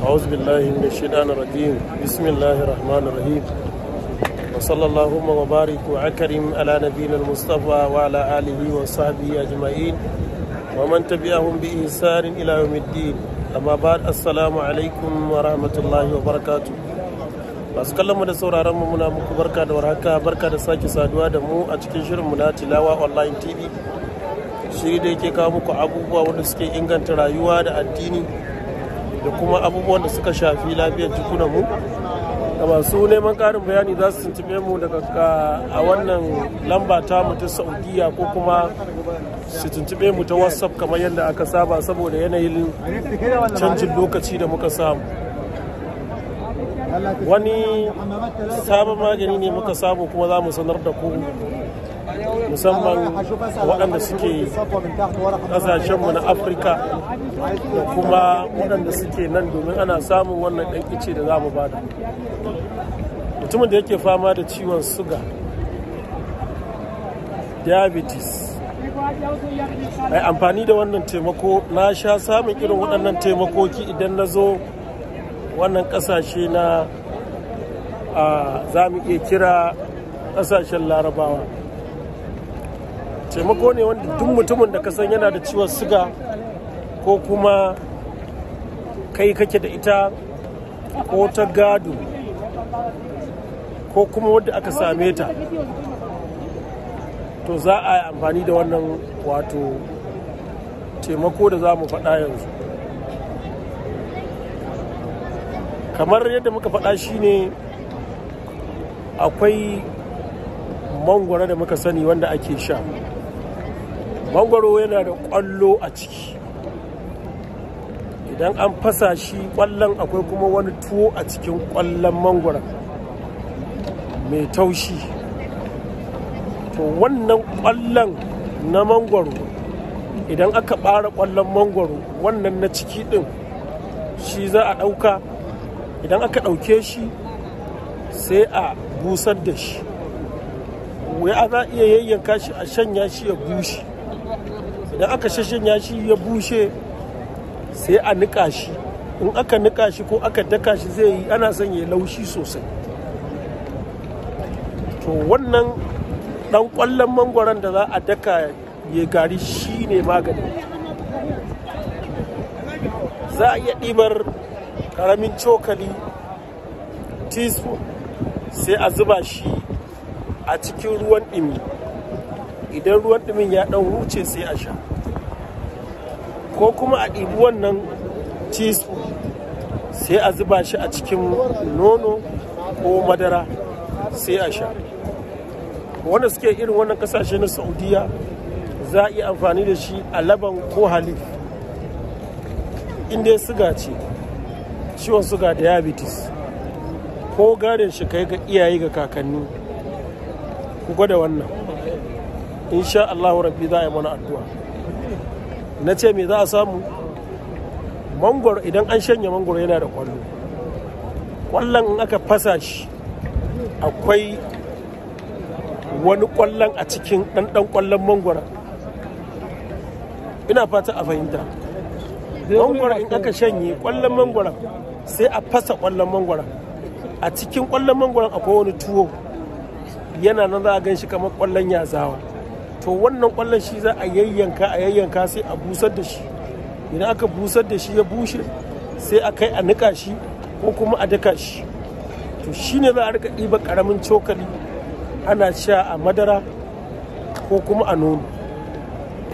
أعوذ بالله من الشيطان الرجيم بسم الله الرحمن الرحيم وصلى اللهم وبارك وأكرم على نبينا المصطفى وعلى آله وصحبه أجمعين ومن تبعهم بإحسان إلى يوم الدين amma ba assalamu alaikum wa rahmatullahi wa masu kallon mu da sauraron mu muna muku barka da warhaka barka da sake saduwa da mu a cikin shirin mu na tilawa online tv shiri da yake kawo muku abubuwa wanda suke inganta rayuwa da addini da kuma abubuwan da suka shafi lafiyar jikunanmu da masu neman karin bayani za su tuntube mu daga a wannan lamba ta ta saudiya ko kuma su tuntube mu ta whatsapp kamar yadda aka saba saboda yanayin canjin lokaci da muka samu wani sabon magani ne muka samu kuma za mu sanar da ku musamman waɗanda suke mu na afirka da kuma waɗanda suke nan domin ana samun wannan ɗan ice da za mu bada mutumin da yake fama da ciwon suga diabetes mai amfani da wannan taimako na sha samun irin waɗannan taimakoki idan na zo wannan ƙasashe na za mu iya kira ƙasashen larabawa taimako ne wanda duk mutumin da ka san yana da ciwon suga ko kuma kai kake da ita ko ta gado ko kuma wadda aka same ta to za a yi amfani da wannan wato taimako da za mu faɗa yanzu kamar yadda muka faɗa shi ne akwai mangwara da muka sani wanda ake sha mangwaro yana da kwallo a ciki idan an fasa shi kwallon akwai kuma wani tuwo a cikin kwallon mangwaron mai taushi to wannan kwallon na mangwaro idan aka ɓara kwallon mangwaro wannan na ciki din shi za a ɗauka idan aka ɗauke shi sai a busar da shi ya za iya yayyanka shi a shanya shi ya bushe idan aka shashanya shi ya bushe sai a niƙa shi in aka niƙa shi ko aka daka shi zai yi ana son ya laushi sosai to wannan dan kwallon mangwaron da za a daka ya gari shi ne magani za a iya ɗibar karamin cokali teaspoon sai a zuba shi a cikin ruwan ɗimi idan ruwan dumin ya dan wuce sai a sha ko kuma a ɗibi wannan teaspoon sai a zuba shi a cikin nono ko madara sai a sha wanda suke irin wannan kasashe na saudiya za a iya amfani da shi a laban ko halif inda ya suga ce ciwon suga da diabetes ko gadon shi kai ga iyaye ga kakanni ku gwada wannan insha Allah rabbi za a yi mana addu'a na ce me za a samu mangoro idan an shanya mangoro yana da kwallo kwallon in aka fasa shi akwai wani kwallon a cikin ɗanɗan kwallon mangoro ina fata a fahimta mangoro in aka shanye kwallon mangoro sai a fasa kwallon mangoro a cikin kwallon mangoro akwai wani tuwo yana nan za a gan shi kamar kwallon yazawa to wannan kwallon shi za a yayyanka a yayyanka sai a busar da shi idan aka busar da shi ya bushe sai a kai a nika shi ko kuma a daka shi to shi ne za a rika ɗiba ƙaramin cokali ana sha a madara ko kuma a nono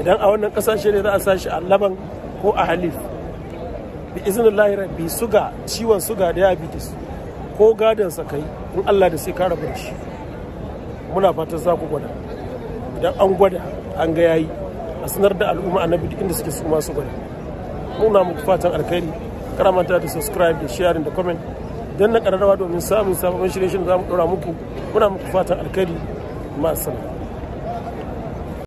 idan a wannan ƙasashe ne za a sa shi a laban ko a halif bi izinin lahira bi suga ciwon suga da diabetes ko gadon sa kai in allah da sai ka rabu da shi muna fatan za ku gwada idan an gwada an ga yayi a sanar da al'umma annabi duk inda suke su masu gwada muna muku fatan alkhairi karamanta da subscribe da sharing da comment don na kararrawa domin samun sabon shirye-shirye da za mu ɗora muku muna muku fatan alkhairi ma'asala